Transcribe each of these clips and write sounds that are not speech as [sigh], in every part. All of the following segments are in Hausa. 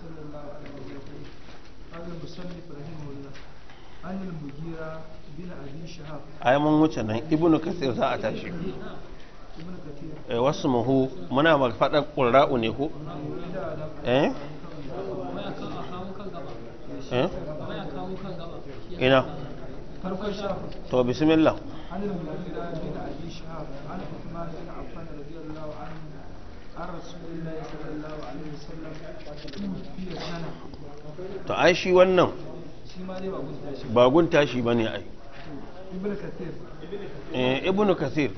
sallallahu ai mun wuce nan ibnu kasir za a tashi eh wasu muhu, muna ma fada qurra'u ne ko eh, eh? ina to bismillah to ai shi wannan ba tashi ba ne ai eh, ibn kasir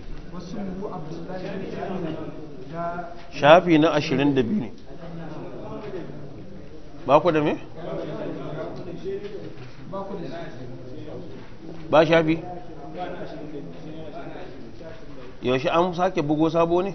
shafi na ashirin da biyu ne ba ku da me? ba shafi yaushe an sake bugo sabo ne?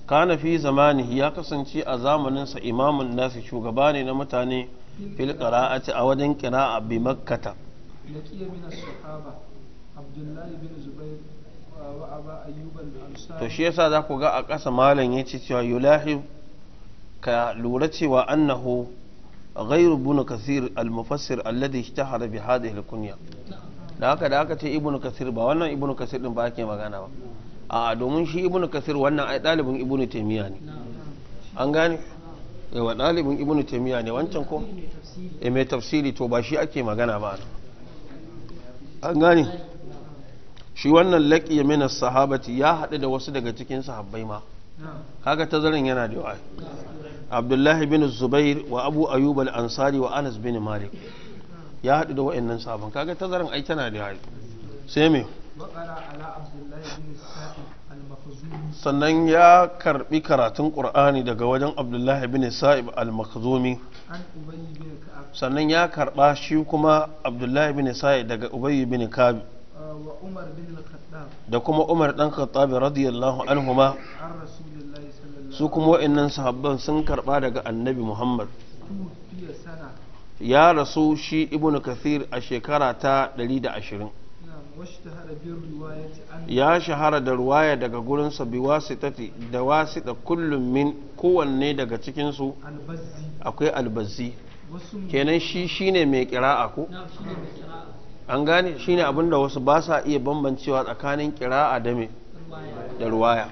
kana fi ya kasance a zamaninsa imamun nasu shugaba ne na mutane fil qira'ati a wajen qira'a bi makkata to shi yasa za ku ga a kasa malam ya ce cewa yulahi ka lura cewa annahu gairu ibn kasir al-mufassir alladhi ishtahara bi hadhihi al da haka da aka ce ibn kasir ba wannan ibn kasir din ba ake magana ba a domin shi ibn kasir wannan ai dalibin ibn taymiya ne an gane wa dalibin ibn taymiya ne wancan ko e mai tafsiri to ba shi ake magana ba an gane shi wannan ya min sahabati ya haɗu da wasu daga cikin sahabbai ma kaga tazarin yana da yawa abdullahi bin zubair wa abu ayyub al-ansari wa anas bin malik ya haɗu da wa'annan sabon kaga tazarin ai tana da yawa sai me sannan ya karbi karatun ƙur'ani daga wajen abdullahi bin sa'ib al-makhzumi sannan ya karba shi kuma abdullahi bin sa'ib daga ubayi bin Kabi. Uh, da kuma umar dan khattab radiyallahu anhu ma. su kuma wa'annan sahabban sun karba daga annabi muhammad ya rasu shi ibnu kathir a shekara ta 120 ya shahara da ruwaya daga gurinsa bi wasitati da wasita kullum min kowanne daga cikinsu akwai albazi kenan shi shine mai kira'a ko an gane shine abinda wasu ba sa iya bambancewa tsakanin kira'a da me da ruwaya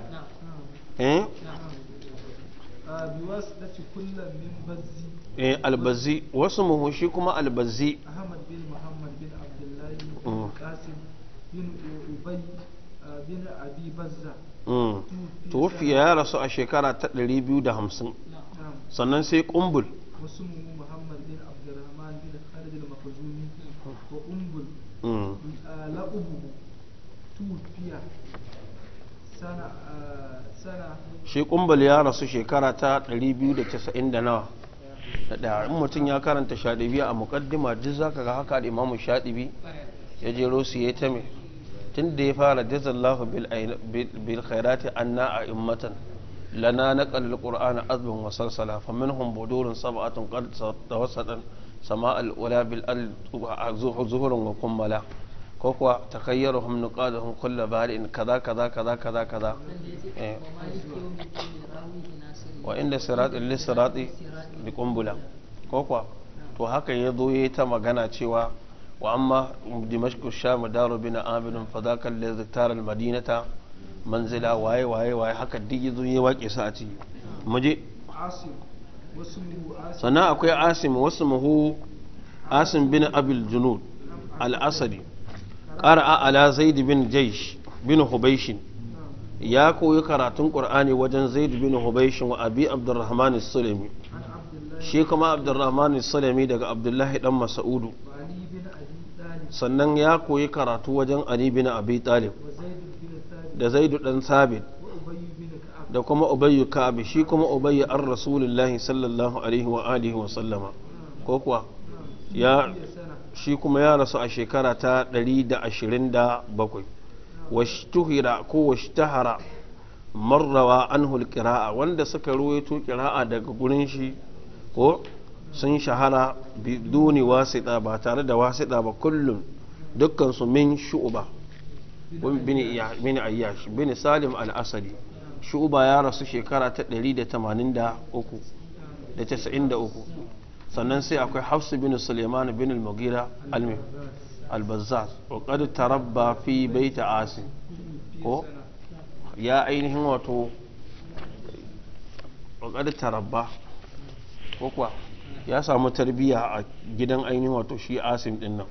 eh wasu muhushi kuma albazi. القاسم بن أبي بن أبي بزة توفي يا رسول الشكرة همسن sannan sai kumbul muhammad bin abdurrahman bin khalid al-makhzumi mm. uh, sana uh, sana shi ya rasu shekara ta 290 da nawa da in mutum ya karanta shaɗibi a mukaddima duk zaka ga haka da imamu shadibi ya jero su ya ta mai tun da ya fara jazallahu bil khairati anna a immatan lana na kalil qur'ana azbin wa salsala fa minhum budurun sab'atun qad tawassadan sama al ula bil al zuhurun wa kummala ko kuwa takayyaruhum nuqaduhum kullu bari'in kaza kaza kaza kaza kaza eh. wa inda siratin lissirati bi kumbula ko kuwa to haka ya zo ya ta magana cewa وأما دمشق الشام دار بن عامر فذاك الذي اختار المدينة منزلا واي واي واي حكى دي زوي واقي ساعتي مجي سنا أكوي عاصم واسمه عاصم بن ابي الجنود الاسدي قرأ على زيد بن جيش بن حبيش يا كو يقراتن koyi وجن زيد بن حبيش وابي عبد الرحمن السلمي شي كما عبد الرحمن السلمي دغ عبد الله dan مسعود sannan ya koyi karatu wajen ali bin abi talib da zaidu dan sabit da kuma ubayyu ka'ab shi kuma ubayyu an rasulullahi sallallahu alaihi wa alihi wa sallama ko kuwa ya shi kuma ya rasu a shekara ta 127 tuhira ko washtahara marrawa anhu alqira'a wanda suka ruwaito qira'a daga gurin shi ko sun shahara biduni wasita ba tare da wasita ba kullum dukkansu min shu'uba bin ayyash bin salim al-asadi shu'uba ya rasu shekara ta 183 da sannan sai akwai hafsu bin suleiman bin al mugira al-bazzar wa qad tarabba fi bait asin ko ya ainihin wato wa qad tarabba ko kuwa ya samu tarbiyya a gidan ainihin wato shi asim din nan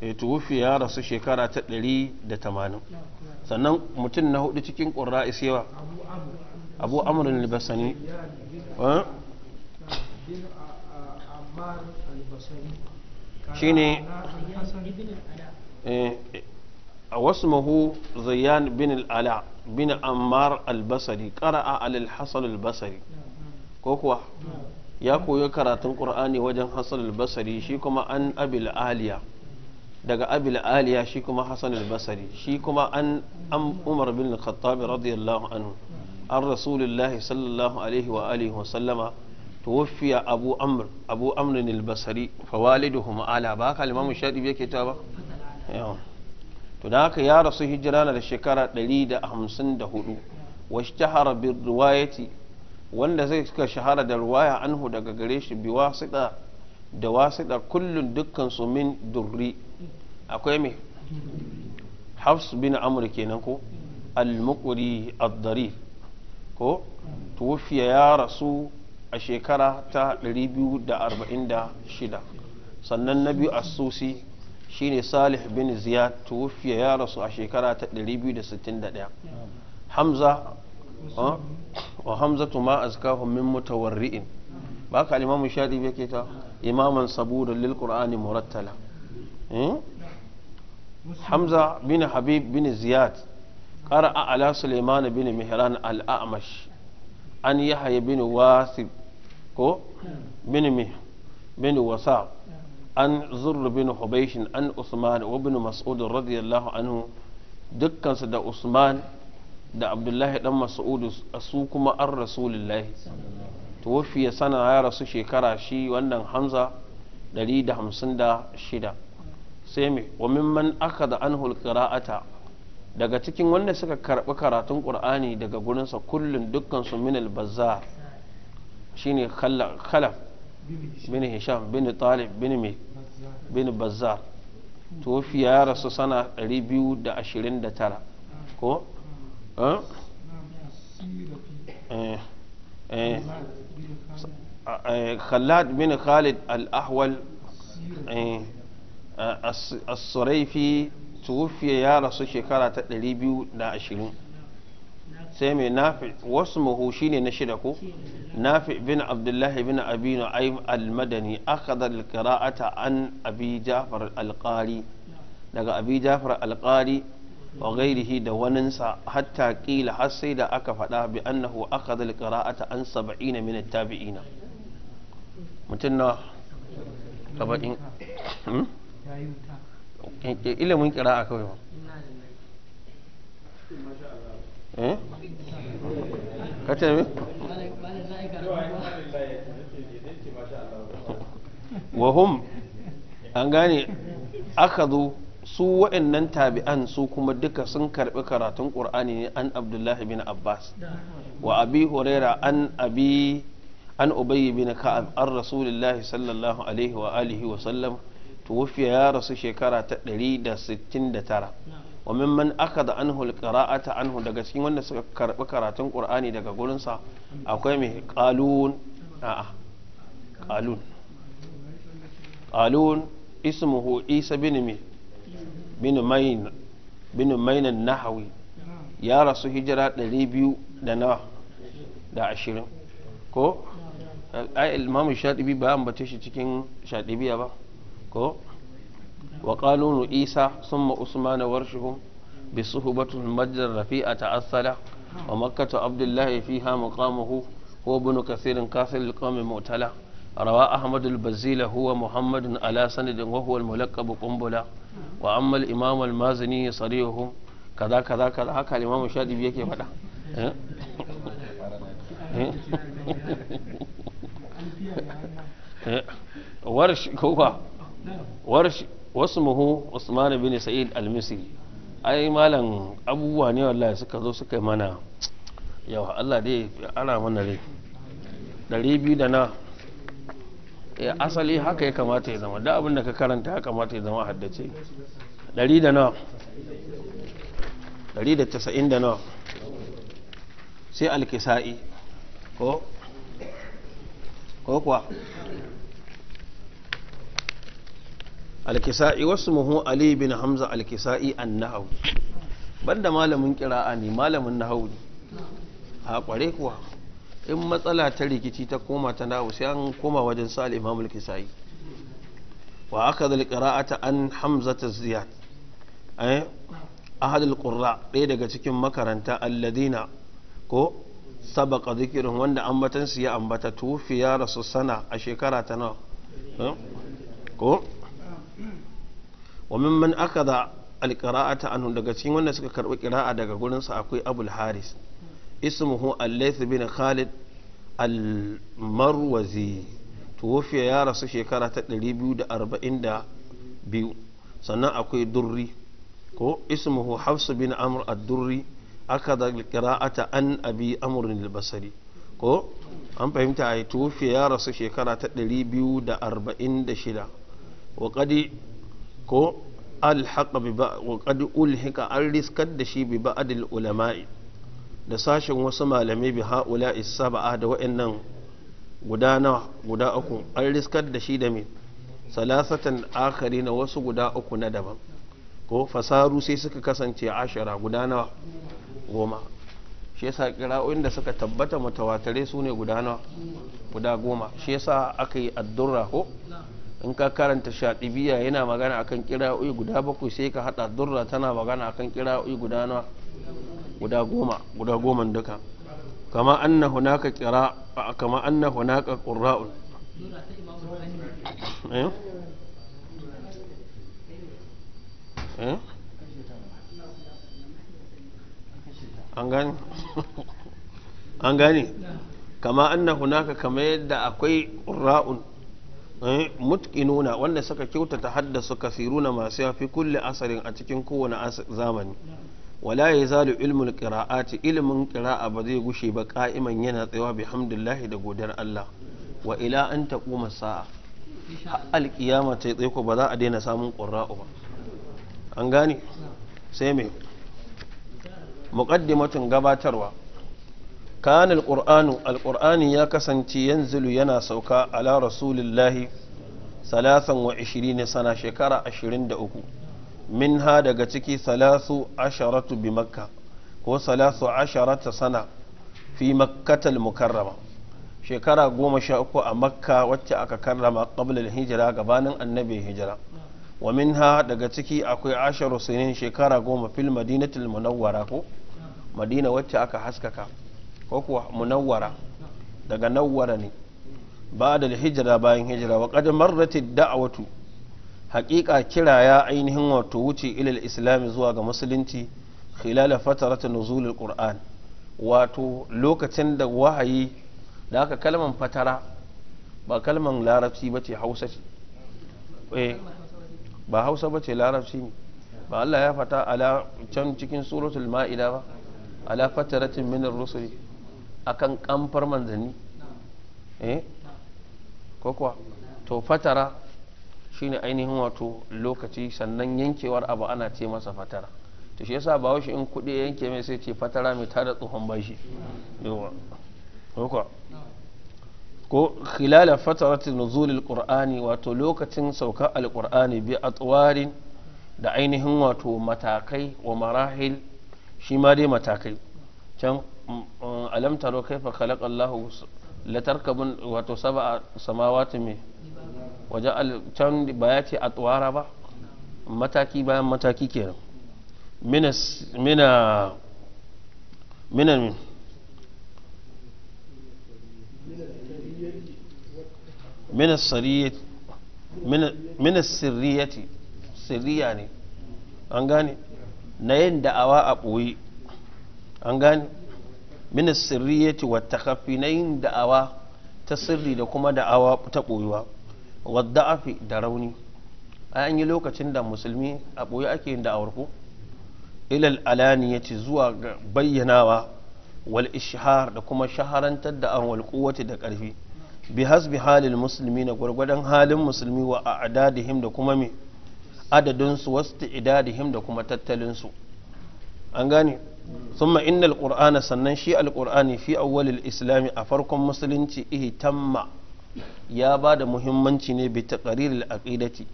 e eh, tuwufi ya rasu shekara ta 180 sannan mutum na hudu cikin ƙurra isewa abu amurin libasani eh? shi ne a eh, wasu mahu zayyan bin al'ala bin ammar albasari ƙara'a alal hasan albasari ko kuwa ya koyi karatun qur'ani wajen hassan albasari shi kuma an abil aliya daga abil aliya shi kuma hassan albasari shi kuma an umar bin khattabi radiyallahu anhu an rasulullahi sallallahu alaihi wa alihi wa abu توفي أبو أمر أبو أمر ala ba ka باك الإمام bai ke ta ba to da haka ya rasu hijira na da shekara 154 washtahara bi riwayati wanda zai suka shahara da ruwaya anhu daga gare shi bi wasita da wasita kullun dukkan su min durri akwai me hafs bin amr kenan ko al-muqri ad-dari ko tuwfiya ya rasu a shekara ta 246 sannan na biyu as shine salih bin ziyad tuwfiya ya rasu a shekara ta 261 hamza wa hamzatu ma azkahu min mutawarri'in ba ka al-imam shadi yake ta imaman sabuda lil qur'ani murattala hmm? hamza bin habib bin ziyad qara'a ala sulaiman bin mihran al-a'mash an yahya bin wasib ko bin mih bin wasab an zur bin hubaishin an usman wa bin mas'ud radiyallahu anhu dukkansu da usman da abdullahi dan mas'udu su kuma an rasulullahi ya sana ya rasu shekara shi wannan hamza 156 sai mai wamin man aka da an qira'ata daga cikin wanda suka karɓi karatun ƙur'ani daga gurinsa kullum dukkan su min al shi shine khalaf bin hisham bin talib bin mai bin bazzar tofiya ya rasu sana 229 ko Hein eh, non, eh, eh, Khalad bin Khalid al-Ahwal eh, As-Suraifi tuwufiya ya rasu shekara ta 220 sai mai nafi wasu mahushi ne na shida ko nafi bin abdullahi bin abinu aib al-madani akadar al an abi jafar al-qari daga abi jafar al-qari wa gairihi da sa hatta kila har sai da aka faɗa bi annahu aka zal qira'ata an saba'in hmm? aka eh? zo su waɗannan tabi'an su kuma duka sun karɓi karatun qur'ani ne an abdullahi bin abbas wa abi huraira an abi an ubayy bin ka'ab an rasulillahi sallallahu alaihi wa alihi wa sallam tuwfiya ya rasu shekara ta 169 wa mimman akada anhu alqira'ata anhu daga cikin wanda suka karɓi karatun qur'ani daga gurinsa akwai mai qalun a'a qalun qalun ismuhu isa bin mai bin mainan hawi ya rasu hijira 200 da nawa da ashirin ko ai imamu shaɗibi ba ambace shi cikin shaɗibiya ba ko wa ƙanunu isa sun ma usman warshuhu bi suhubatul majjar rafi'a ta'assala wa makkatu abdullahi fi ha maqamuhu ko ibn kasirin kasirin liqamin mu'tala روى أحمد البزيل هو محمد على سند وهو الملقب قنبلة وأما الإمام المازني صريحه كذا كذا كذا هكا الإمام الشادي بيكي فدا ورش كوفا ورش واسمه عثمان بن سعيد المسي أي malam abubuwa ne wallahi suka zo suka yi mana yawa Allah dai ana mana rai ya eh, asali haka ya kamata ya zama da abin da ka karanta ya kamata ya zama haddace 199 da nawa da casa'in da nawa sai alkisa'i ko ko alkisa'i wasu muhu ali bin hamza alkisa'i an nahawu banda malamin kira'a ne malamin nahawu ne a kware kuwa in matsala ta rikici ta koma ta na'u sai an koma wajen sa al-imam al-kisai wa aka zal qira'ata an hamzata ziyad eh a al-qurra ɗaya daga cikin makaranta alladina ko sabaka zikirin wanda batansu ya ambata tufiya rasu sana a shekara ta nawa eh? ko wa mimman aka da alƙara'ata anhu daga cikin wanda suka karɓi ƙira'a daga gurinsa akwai abul haris ismuhu al-layth bin khalid almarwazi marwazi tuwafiya ya rasu shekara ta 242 sannan akwai duri ko ismuhu hafsu bin amr ad-durri aka da qira'ata an abi amr al ko an fahimta ai tuwafiya ya rasu shekara ta 246 wa qadi ko alhaqa bi ba wa qad ulhika an riskar da shi bi ba'd al-ulama'i da sashen wasu malamai bi ha'ula saba'a da wa'annan guda na guda uku an riskar da shi da mai salasatan akari na wasu guda uku na daban ko fasaru sai suka kasance ashira guda na goma shi yasa kira'o'in da suka tabbata mutawatare su ne guda na guda goma shi yasa aka yi addurra ko in ka karanta shaɗibiya yana magana akan kira'o'i guda bakwai sai ka haɗa durra tana magana akan kira'o'i guda na guda goma guda goman duka kama anna hunaka kira kama anna hunaka qurra'un eh eh an gane an kama anna hunaka kama yadda akwai qurra'un eh? mutqinuna wanda suka kyautata haddasa kasiruna masu yafi kulle asarin a cikin kowane zamani wala ya zalu ilmul qira'ati ilmin qira'a ba zai gushe ba ka'iman yana tsayawa bihamdillahi da godar Allah wa ila an taquma sa'a har alkiyama ta tsaye ba za a daina samun qurra'u ba an gane sai me muqaddimatun gabatarwa kana alqur'anu ya kasance yanzilu yana sauka ala rasulillahi salasan wa 20 sana shekara 23 minha daga ciki salasu asharatu bi makka ko salasu asharata sana fi makkatal mukarrama shekara goma sha uku a makka wacce aka karrama qablal hijira gabanin annabi hijira wa minha daga ciki akwai asharu sinin shekara goma fil madinatul munawwara ko madina wacce aka haskaka ko kuwa munawwara daga nawwara ne ba da hijira bayan hijira wa kadamar marrat ad watu. hakika kira ya ainihin wato wuce ilil islam zuwa ga musulunci khilala ta nuzulul qur'an wato lokacin da wahayi da aka kalman fatara ba kalman larabci bace hausa ce eh ba hausa bace larabci ne ba Allah ya fata ala can cikin suratul ma'ida ba ala fataratin minar rusuli akan kamfar manzanni eh ko kuwa to fatara shine ainihin wato lokaci sannan yankewar abu ana ce masa fatara to shi yasa ba shi in kuɗi yanke mai sai ce fatara mai tada tsohon bashi yawa ko khilala fatarat nuzul alqur'ani wato lokacin saukar alqur'ani bi atwarin da ainihin wato matakai wa marahil shi ma dai matakai can mm, alam taro kaifa khalaqa Allah latarkabun wato sab'a samawati mai waje can ba ya ce a tsawara ba mataki bayan mataki kenan mina mina mina sirriyati sirriya ne an gane na yin da'awa a ɓoye an gane mina sirriyati wata kafi na yin da'awa ta sirri da kuma da'awa ta ɓoyuwa wadda'afi da rauni a yi lokacin da musulmi a ɓoye ake yin da'awar alani ilal ci zuwa ga bayyanawa wal ishihar da kuma shaharantar da an wal quwwati da ƙarfi bi hasbi halin musulmi na gwargwadon halin musulmi wa a adadihim da kuma me adadinsu wasu idadihim da kuma tattalinsu an gane summa innal qur'ana sannan shi alqur'ani fi awwalil islami a farkon musulunci tamma. ya ba da muhimmanci ne bi taqriril aqidati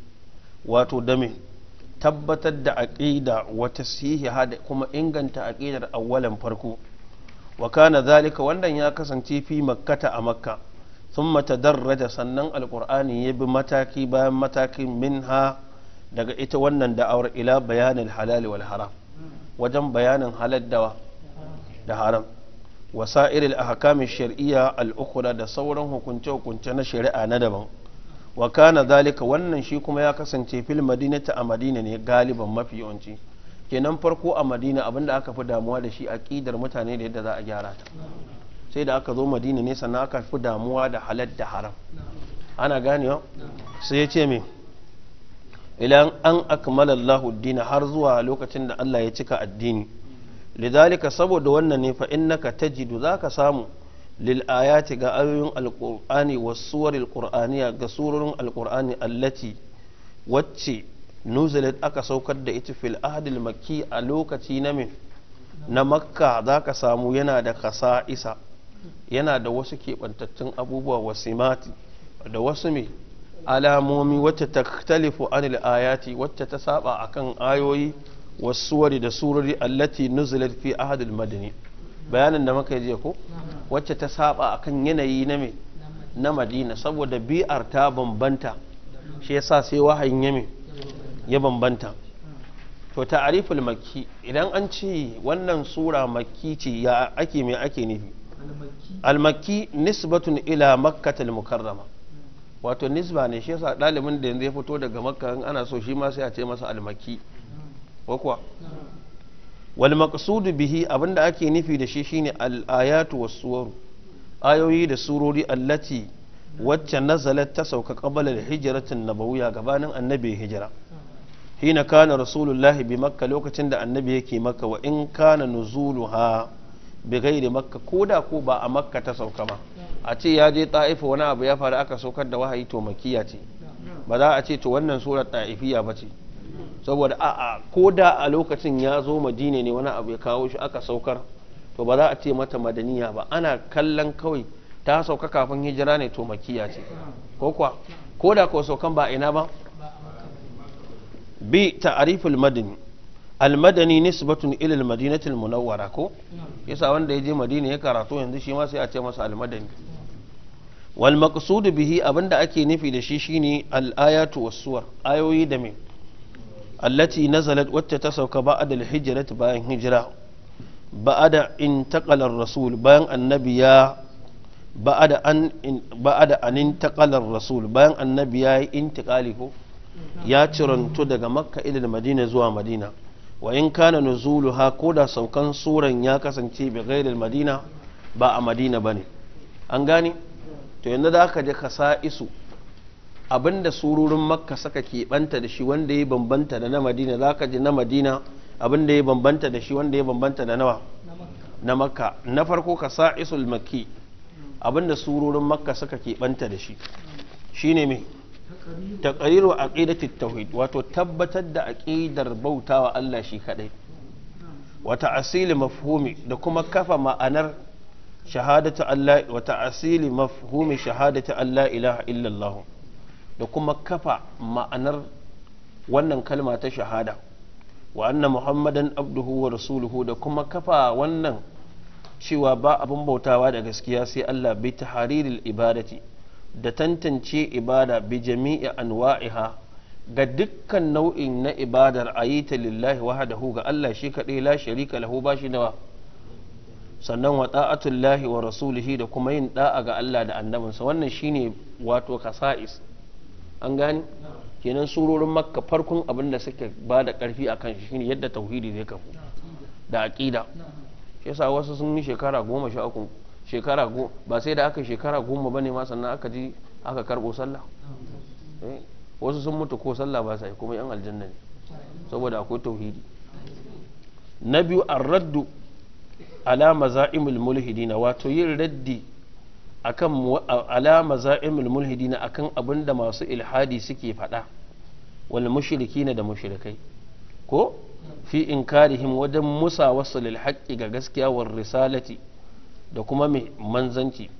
wato dame tabbatar da aqida wata tasihiha da kuma inganta aqidar awwalan farko wa kana zalika wannan ya kasance fi makkata a makka sun thumma tadarraja sannan alqur'ani ya bi mataki bayan mataki minha daga ita wannan da'awar ila bayanin halal wal wajen bayanin halal da haram wasa al-ahkam shar'iyya al-ukhra da sauran hukunce-hukunce na shari'a na daban wa kana zalika wannan shi kuma ya kasance fil madinati a madina ne galiban mafi yawanci kenan farko a madina abinda aka fi damuwa da shi aqidar mutane da yadda za a gyara ta sai da aka zo madina ne sannan aka fi damuwa da halal da haram ana ganewa sai ya ce me ilan an akmala Allahu har zuwa lokacin da Allah ya cika addini lidalika saboda wannan ne fa innaka za ka samu lil ga ayoyin alqur'ani was suwaril qur'aniya ga surorin alqur'ani allati wacce nuzilat aka saukar da ita fil ahdil a lokaci na min na makka zaka samu yana da kasa'isa yana da wasu keɓantattun abubuwa wasimati da wasu mai alamomi wacce ta talifu anil wacce ta saba kan ayoyi wasuwari da surori allati nuzilat fi ahadul madani bayanin da muka yi ko wacce ta saba akan yanayi na me na madina saboda bi'ar ta bambanta shi yasa sai wahayin ya me ya bambanta to ta'ariful makki idan an ce wannan sura makki ce ya ake me ake nufi al-makki nisbatun ila makkatul mukarrama wato nisba ne shi yasa dalibin da yanzu ya fito daga makka ana so shi ma sai a ce masa al-makki ko kuwa wal maqsudu bihi abinda ake nufi da shi shine al ayatu was suwaru ayoyi da surori allati wacce nazalat ta sauka qabala al hijratin nabawiyya gabanin annabi hijira hina kana rasulullahi bi makka lokacin da annabi yake makka wa in kana nuzuluha bi ghairi makka ko da ko ba a makka ta sauka ba a ce ya je ta'ifa wani abu ya faru aka saukar da wahayi to makiya ce ba za a ce to wannan surar ta'ifiya ba ce saboda a'a ko da a lokacin ya zo madina ne wani abu ya kawo shi aka saukar to ba za a ce mata madaniya ba ana kallon kawai ta sauka kafin hijira ne to makiya ce ko kuwa ko da ko saukan ba ina ba bi ta'riful madani almadani nisbatun ila almadinati almunawwara ko yasa wanda ya je madina ya karatu yanzu shi ma sai a ce masa almadani wal maqsud bihi abinda ake nufi da shi shine al ayatu was suwar ayoyi da me allati nazalat wacce ta sauka ba'da al bayan hijira ba'da intaqala takalar rasul bayan annabi ya ba'da an ba'da an intaqala rasul bayan annabi ya yi intiqali ko ya cirantu daga maka idan madina zuwa madina wa in kana nuzuluha ko da saukan suran ya kasance bi ghairil madina ba a madina bane an gane to yanzu da aka je ka sa isu abinda sururin makka saka keɓanta da shi wanda ya bambanta da na madina za ka ji na madina abinda ya bambanta da shi wanda ya bambanta da nawa na makka na farko ka sa isul makki abinda sururin makka suka keɓanta da shi shi ne mai a aqidati tawhid wato tabbatar da bauta bautawa Allah shi kadai wata asili mafhumi da kuma kafa ma'anar shahadatu Allah wata asili mafhumi shahadatu Allah ilaha illallah da kuma kafa ma'anar wannan kalma ta shahada wa anna muhammadan abduhu wa rasuluhu da kuma kafa wannan cewa ba abin bautawa da gaskiya sai Allah bi tahariril ibadati da tantance ibada bi jami'i anwa'iha ga dukkan nau'in na ibadar ayita lillahi wahdahu ga Allah shi kadai la sharika lahu ba shi nawa sannan wa ta'atullahi wa rasulihi da kuma yin da'a ga Allah da annabinsa wannan shine wato kasa'is an gane kenan surorin makka farkon abin da suka ba da karfi a kan shine yadda tauhidi zai kafu da aƙida shi yasa wasu sun yi shekara goma sha uku shekara go ba sai da aka shekara goma bane ma sannan aka ji aka karɓo sallah eh, wasu sun mutu ko sallah ba sa yi kuma yan aljanna ne saboda akwai tauhidi na biyu an raddu ala maza'imul mulhidina wato yin raddi akan alama za'imul mulhidina akan abinda masu ilhadi suke faɗa wal mushrikina da mushrikai ko fi inkarihim wajen musa wasu lil ga gaskiya war risalati da kuma manzanci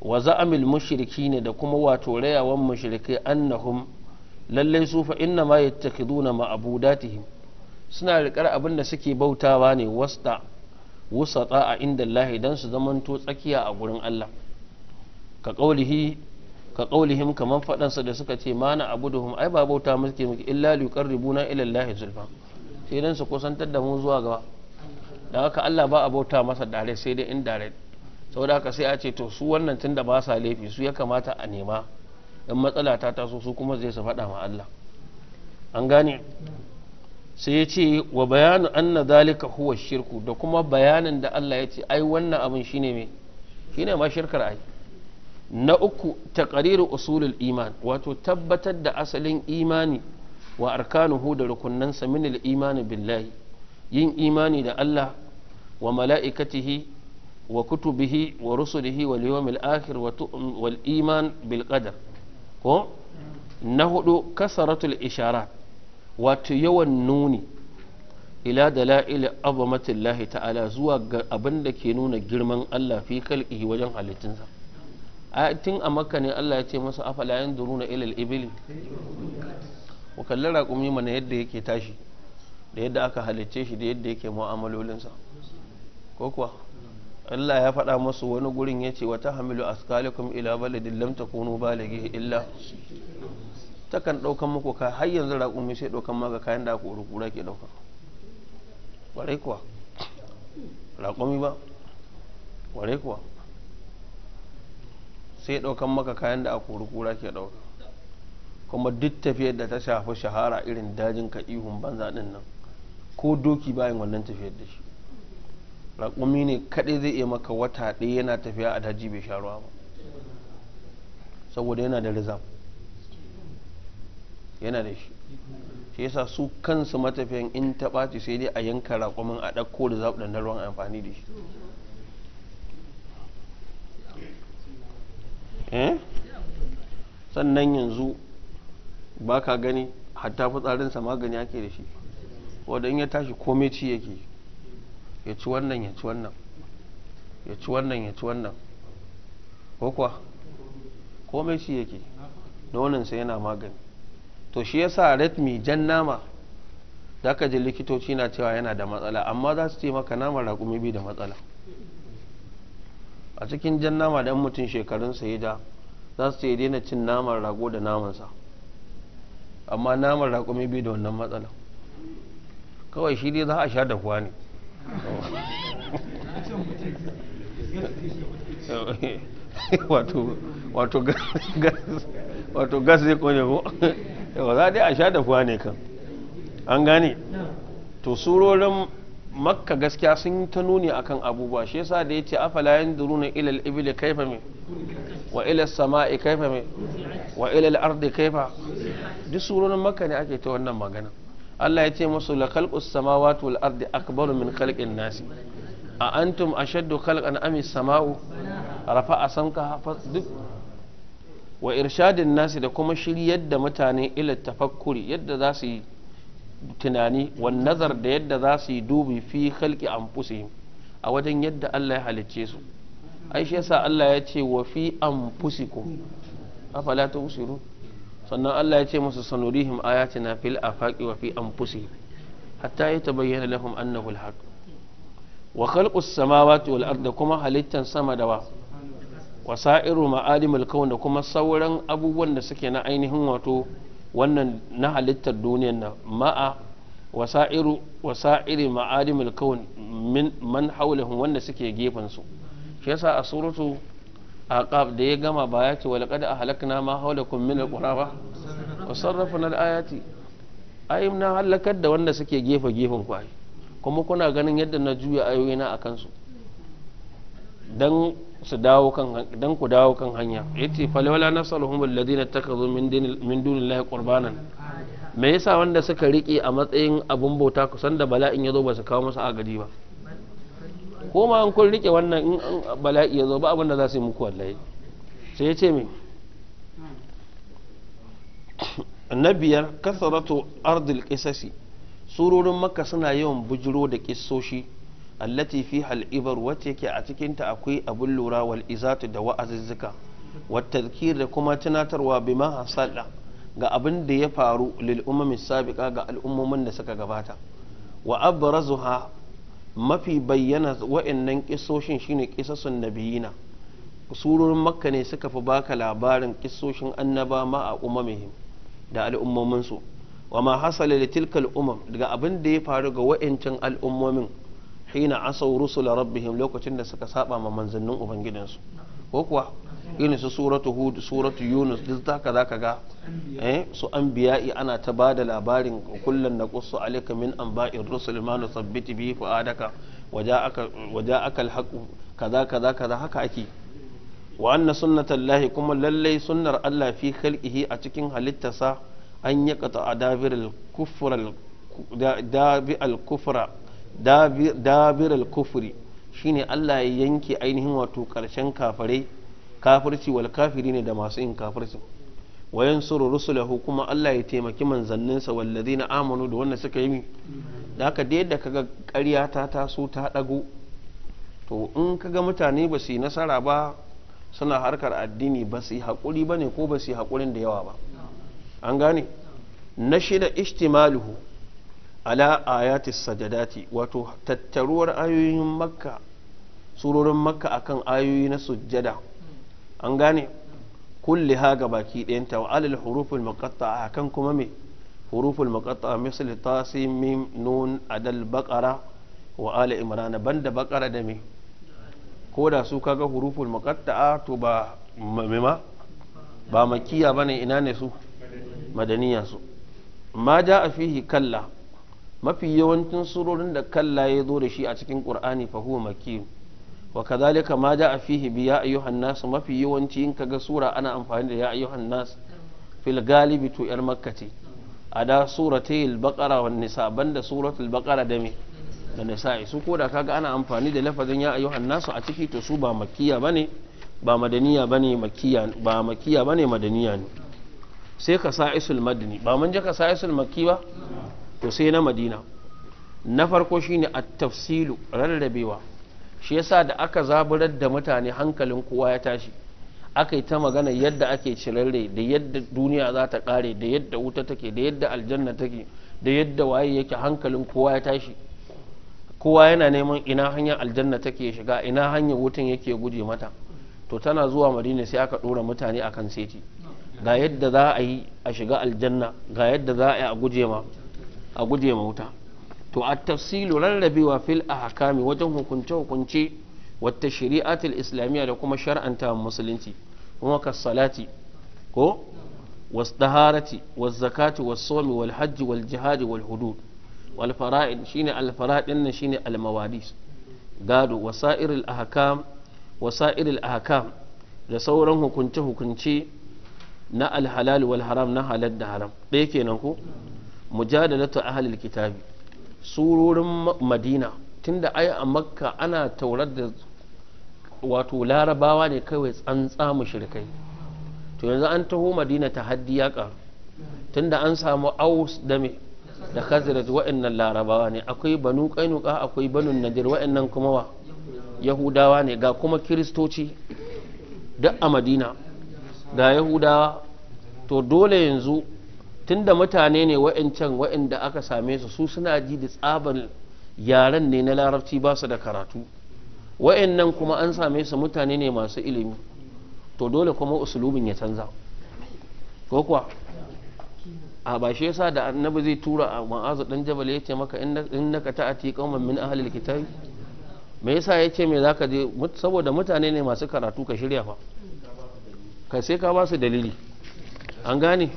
wa za'amil mushrikina da kuma wato rayawan mushrikai annahum lallai su fa inna ma yattakhiduna ma'budatihim suna rikar abin da suke bautawa ne wasta wusata a inda Allah dan su zamanto tsakiya a gurin Allah ka qaulihi ka kaman faɗansa da suka ce mana abuduhum ai ba bauta muke muke illa liqarribuna ila ilallahi zulfan sai dan su kusantar da mu zuwa gaba da haka Allah ba a masa dare sai dai in dare saboda haka sai a ce to su wannan da ba sa laifi su ya kamata a nema don matsala ta taso su kuma zai su faɗa ma Allah an gane sai ya ce wa bayanu anna zalika huwa shirku da kuma bayanin da Allah ya ce ai wannan abin shine me shine ma shirkar ai na uku taqriru usulul iman wato tabbatar da asalin imani wa arkanuhu da rukunansa min imani billahi yin imani da Allah wa mala'ikatihi wa kutubihi wa rusulihi wal yawmil akhir wal iman bil qadar ko na hudu kasaratul ishara wato yawan nuni ila dala'il azamatillahi ta'ala zuwa ga abin da ke nuna girman Allah fi kalqihi wajen halittunsa a tun a makka ne Allah ya ce masa afala duru na ilil ibili ku kalli raƙumi mana yadda yake tashi da yadda aka halicce shi da yadda yake mu'amalolinsa ko kuwa Allah ya faɗa masu wani gurin ya ce wata hamilu askalikum ila baladin lam takunu balighi illa takan ɗaukan muku ka har yanzu raƙumi sai ɗaukan maka kayan da aka ke ɗauka ƙwarai kuwa raƙumi ba ƙwarai kuwa sai ɗaukan maka kayan da a kura ke ɗauka kuma duk tafiyar da ta shafi shahara irin dajin ka ihun banza ɗin nan ko doki bayan wannan tafiyar da shi raƙumi ne kaɗai zai iya maka wata ɗaya yana tafiya a daji bai sha ruwa ba saboda yana da rizam yana da shi shi yasa su kansu matafiyan in ta ɓaci sai dai a yanka rakumin a ɗauko da zaɓi da ruwan amfani da shi Eh? sannan yanzu ba ka gani hatta fitsarinsa magani ake da shi wadda in ya tashi komai ci yake ya ci wannan ya ci wannan ya ci wannan ya ci wannan ko kuwa komai ci yake sai yana magani to shi ya sa retmi jan nama da ka ji likitoci na cewa yana da matsala amma za su ce maka nama raƙumi bi da matsala a cikin jan nama da mutum shekarun ya ja za su ce ya daina cin naman rago da namansa amma naman rago mai bai da wannan matsala kawai shi dai za a sha dafuwa ne [laughs] wato gas zai kone ko yawa za dai a sha dafuwa ne kan an gane to surorin makka gaskiya sun yi ta nuni akan abubuwa shi yasa da yace afala yanzuruna ila ilal ibil kayfa me wa ila samai kayfa me wa ila ardi kayfa duk surorin makka ne ake ta wannan magana Allah ya ce masu la khalqus samawati wal ardi akbaru min khalqin nasi a antum ashaddu khalqan am samau rafa'a samka duk wa irshadin nasi da kuma shiryar da mutane ila tafakkuri yadda za su yi tunani wan nazar da yadda za su yi dubi fi halki an a wajen yadda Allah ya halicce su ai shi yasa Allah ya ce wa fi anfusikum afala tubsirun sannan Allah ya ce musu sanurihim ayatina fil afaqi wa fi fusi hatta tabayyana lahum annahu alhaq wa khalqus samawati wal ardi kuma halittan sama da wa wasa'iru ma'alimul kaun da kuma sauran abubuwan da suke na ainihin wato wannan na halittar duniyar na ma'a wasa'iri ma'adimul kawun man haulihun wanda suke gefensu shi yasa a suratu aka da ya gama ba ya ce wa a ahlakna ma haulakun min alqura ba wa sarrafna alayati ai na halakar da wanda suke gefe gefen kwaye kuma kuna ganin yadda na juya ayoyina a kansu dan su dawo kan dan ku dawo kan hanya yace falawala nafsaluhum alladhina takadhu min din min dunillahi qurbanan me yasa wanda suka rike a matsayin abun bauta kusan da bala'in yazo ba su kawo masa agadi ba ko ma an kun rike wannan in bala'i yazo ba abin da za su yi muku wallahi sai yace me [coughs] na biyar kasaratu ardil qisasi surorin makka suna yawan bujiro da kissoshi allati fi ibar wacce ke a cikin ta akwai abun lura wal izatu da wa'azuzzuka والتذكير da kuma tunatarwa bi ma hasala ga abin da ya faru lil umami sabiqa ga al'ummomin da suka gabata wa abrazuha mafi bayyana wa'annan kisoshin shine kisasun nabiyina surorin makka ne suka fi baka labarin kisoshin annaba ma a umamihim da al'ummomin su wa ma hasala li tilkal umam daga abin da ya faru ga wa'ancin al'ummomin hina asau rusula rabbihim lokacin da suka saba ma manzannin ubangidansu ko kuwa irin su suratu hud suratu yunus duk zaka zaka ga eh su anbiya'i ana ta bada labarin kullun naqussu alayka min anba'ir rusul ma nusabbiti bi fu'adaka waja'aka waja'aka al kaza kaza kaza haka ake wa anna sunnatallahi kuma lallai sunnar Allah fi khalqihi a cikin halittarsa an yaqta adabir al-kufra dabi al-kufra dabir al-kufri shine Allah ya yanke ainihin wato karshen kafare kafirci wal kafiri ne da masu yin kafirci wa yansuru rusulahu kuma Allah ya taimaki manzanninsa wallazina amanu da wanda suka yi da haka da yadda kaga ƙarya ta taso ta dago to in kaga mutane ba su nasara ba suna harkar addini ba su yi haƙuri ba ne ko ba su yi haƙurin da yawa ba an gane na shida ishtimaluhu ala ayati sajadati wato tattaruwar ayoyin makka surorin makka akan ayoyi na sujjada an gane kulli ha ga baki ta wa alal huruful muqatta akan kuma me huruful muqatta misali tasi mim nun adal baqara wa ala imrana banda baqara da me ko da su kaga huruful muqatta to ba mema ba makiya bane ina ne su madaniya su ma ja a fihi kalla mafi yawancin surorin da kalla ya zo da shi a cikin qur'ani fa huwa makki wa kadhalika ma da fihi bi ya ayyuhan nas mafi yawanci in kaga sura ana amfani da ya ayyuhan nas fil galibi to yar makka ce ada suratayil baqara wa nisa banda suratul baqara da me da nisa su ko da kaga ana amfani da lafazin ya ayyuhan nas a ciki to su ba makkiya bane ba madaniya bane makkiya ba makkiya bane madaniya ne sai ka isul madani ba mun je ka isul makki ba to sai na madina na farko shine a tafsilu rarrabewa shi yasa da aka zaburar da mutane hankalin kowa ya tashi aka yi ta magana yadda ake cirarre da yadda duniya za ta kare da yadda wuta take da yadda aljanna take da yadda waye yake hankalin kowa ya tashi kowa yana neman ina hanyar aljanna take shiga ina hanyar wutan yake guje mata to tana zuwa madina sai aka dora mutane akan seti ga yadda za a yi a shiga aljanna ga yadda za a yi a guje ma a guje ma wuta to a tafsilu rarrabewa fil ahkami wajen hukunce hukunce wata shari'atul islamiyya da kuma shar'anta musulunci kuma ka salati ko wasdaharati wazzakati wasomi wal hajji wal jihadi wal hudud wal fara'id shine al fara'id nan shine al mawadis gado wasairil ahkam wasairil ahkam da sauran hukunce hukunce na alhalal wal haram na halal da haram ɗaya kenan ko mujadalatu ahlil kitabi surorin madina tunda ai a makka ana taurar da wato larabawa ne kawai tsantsa mushrikai to yanzu an taho madina ta haddi ya karu tunda an samu aus da me da khazraj wa'annan larabawa ne akwai banu kainuka akwai banu nadir wa'annan kuma wa yahudawa ne ga kuma kiristoci duk a madina ga yahudawa to dole yanzu tun da mutane ne wa'ancan wa'anda aka same su su suna ji da tsabar yaren ne na larabci ba su da karatu wa'annan kuma an same su mutane ne masu ilimi to dole kuma usulubin ya canza ko kuwa a ba shi yasa da annabi zai tura a ma'azu dan jabal ya ce maka in naka ta'ati qauman min ahlil kitai me yasa ya ce me zaka je saboda mutane ne masu karatu ka shirya fa ka sai ka ba su dalili an gane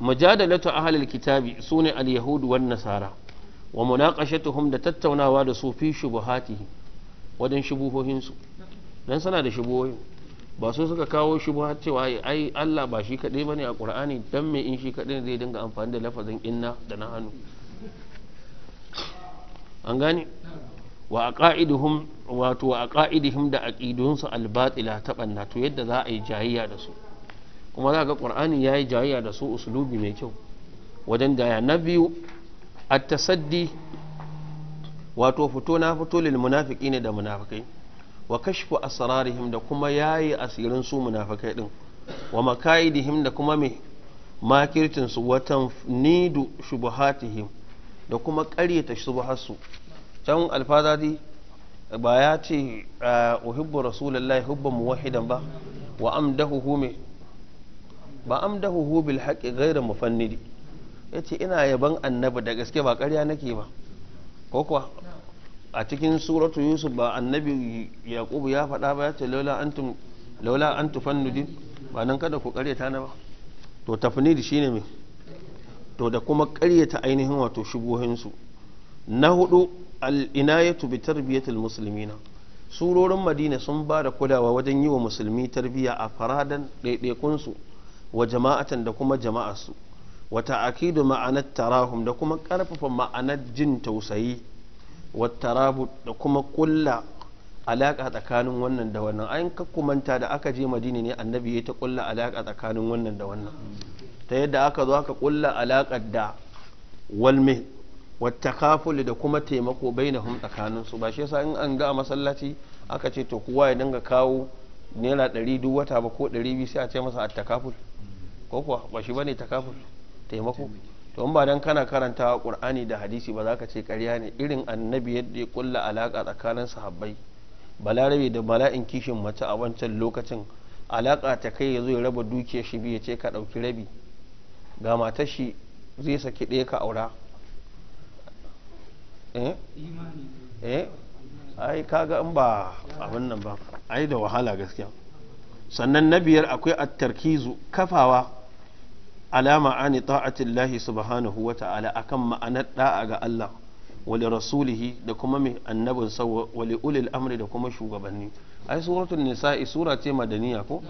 mujadalatu ahlil kitabi sune al-yahud wan nasara wa munaqashatuhum da tattaunawa da su fi shubuhatihi wajen shubuhohin su dan suna da shubuhoyi ba su suka kawo shubuhat cewa ai Allah ba shi kaɗai kadai ne a Qur'ani dan mai in shi kadai zai dinga amfani da lafazin inna da na hannu an gane wa aqaiduhum wato wa aqaidihim da ta banna yadda za a yi jayayya da su kuma za ga qur'ani yayi jayayya da su usulubi mai kyau wajen gaya na biyu at-tasaddi wato fito na fito lil ne da munafikai wa kashfu asrarihim da kuma yayi asirin su munafikai din wa makaidihim da kuma me makircin watan nidu shubuhatihim da kuma ƙaryata shubuhatsu can alfazadi ba ya ce ah, uhibbu rasulullahi hubban muwahidan ba wa amdahu me ba am huhu bil haqqi ghayra mufannidi ce ina yaban annabi da gaske ba ƙarya nake ba ko a cikin suratu yusuf ba annabi yaƙubu ya faɗa ba ya ce laula an an ba nan kada ku ƙaryata na ba to shi shine me to da kuma ƙaryata ainihin wato shubuhinsu na hudu al-inayatu bi musulmi na surorin madina sun ba da kudawa wajen yi wa musulmi tarbiyya a faradan ɗaiɗaikunsu wa jama'atan da kuma jama'arsu wata akidu ma'anar tarahum da kuma karfafa ma'anar jin tausayi wa tarabu da kuma kulla alaka tsakanin wannan da wannan ayin kakkumanta da aka je madini ne annabi ya ta kulla alaka tsakanin wannan da wannan ta yadda aka zo aka kulla alaƙar da walme wattakafuli da kuma taimako bainahum tsakaninsu ba shi yasa in an ga a masallaci aka ce to kowa ya dinga kawo naira ɗari duk wata ba ko ɗari biyu sai a ce masa a takaful ko kuwa ba shi ba ne takaful taimako to in ba dan kana karanta qur'ani da hadisi ba za ka ce karya ne irin annabi yadda ya kulla alaka tsakanin sahabbai balarabe da bala'in kishin mace a wancan lokacin alaka ta kai ya zo ya raba dukiyar shi biyu ya ce ka ɗauki rabi ga matar shi zai saki ɗaya ka aura eh, eh? ai kaga in ba abin nan ba ai da wahala gaskiya sannan na biyar akwai at-tarkizu kafawa alama ani ta'atillahi subhanahu wa ta'ala akan ma'anar da'a ga Allah wali rasulihi da kuma mai annabin sa wali ulil amri da kuma shugabanni ai suratul nisa'i sura ce madaniya ko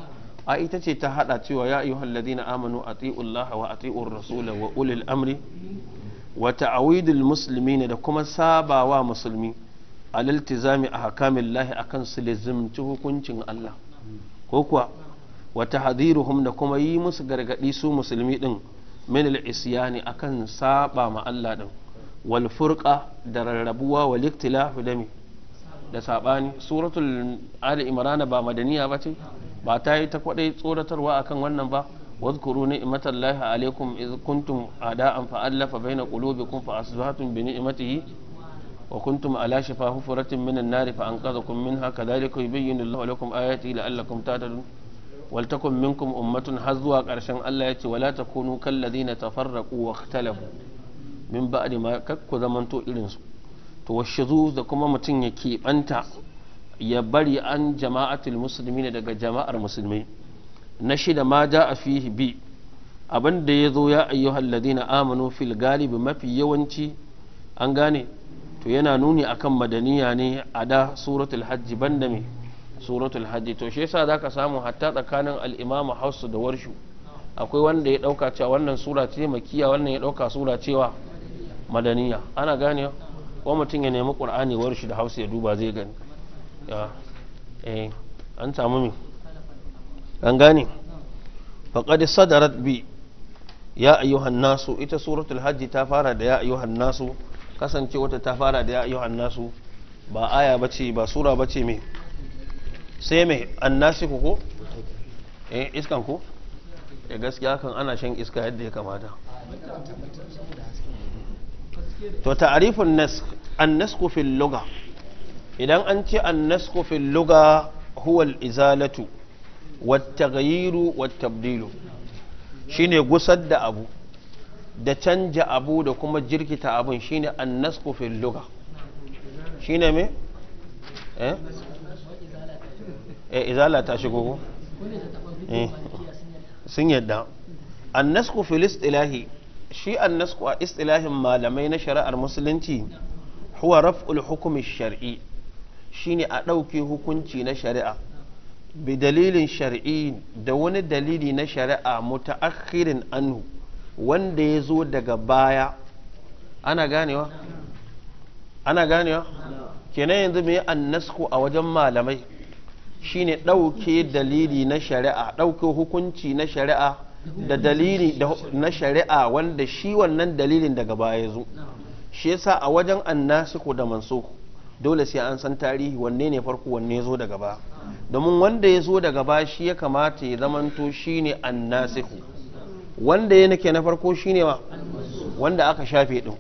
a ita ce ta hada cewa ya ayyuhal na amanu laha wa atiur rasula wa ulil amri wa musulmi ne da kuma sabawa musulmi aliltizami a hakamin lahi a kan su lizimci hukuncin Allah ko kuwa wata hadiruhum da kuma yi musu gargaɗi su musulmi ɗin min al'isyani a kan saba ma Allah ɗin wal da rarrabuwa wal iktilafu da da saɓani suratul ali imrana ba madaniya ba ce ba ta yi ta kwaɗai tsoratarwa akan wannan ba واذكروا alaikum الله عليكم إذ كنتم أعداء فألف بين قلوبكم فأصبحتم بنعمته hukuntuma alashi fa fufarar minan na dafa an kasa kuma min haka daidai kai biyu ne da al'akomu ayyata idan allah ta har zuwa karshen allah ya ce wala ta kowanne kan ladinan ta farraƙo waketelahu mun ba'a da maka ku irin su to wasu da kuma mutum yake banta ya bari an jama'antan musulmai daga jama'ar musulmai na shida ma za a fi bi abinda ya zo ya ayyo haladina a munufil galibi mafi yawanci an gane. to yana nuni akan madaniya ne a da suratul hajji banda me suratul hajji to shi yasa zaka samu hatta tsakanin al-imam hausu da warshu akwai wanda ya dauka cewa wannan sura ce makiya wannan ya dauka sura cewa madaniya ana gane ko mutum ya nemi qur'ani warshi da hausa ya duba zai gani eh an samu me an gane faqad sadarat bi ya ayyuhan nasu ita suratul hajji ta fara da ya ayyuhan nasu kasance wata ta fara da ya ayyuha annasu ba aya ba ce ba sura ba ce me sai me annasi ku ko eh iskan ku ya eh, gaskiya kan ana shan iska yadda ya kamata to ta'rifun nask annasku fil lugha idan an ce annasku fil lugha huwa izalatu wat gayiru wat tabdilu shine gusar da abu da canja abu da kuma jirkita abun shine nasku fil lugha shine me eh eh izala ta shigo ko eh. sun yadda nasku fil istilahi shi nasku a istilahin malamai na shari'ar musulunci huwa raf'ul hukumi shar'i shine a ɗauke hukunci na shari'a bi dalilin shar'i da wani dalili na shari'a mutaakhirin anhu wanda ya zo daga baya ana ganewa ana ganewa kenan yanzu mai annasku a wajen malamai shine ɗauke dalili na shari'a ɗauke hukunci na shari'a da dalili na shari'a wanda shi wannan dalilin daga baya zo shi yasa a wajen annasiku da manso dole sai an san tarihi wanne ne farko wanne ya zo daga ba domin wanda ya zo daga ba shi ya kamata ya zamanto shine annasiku wanda ya nake na farko shine wa wanda aka shafe din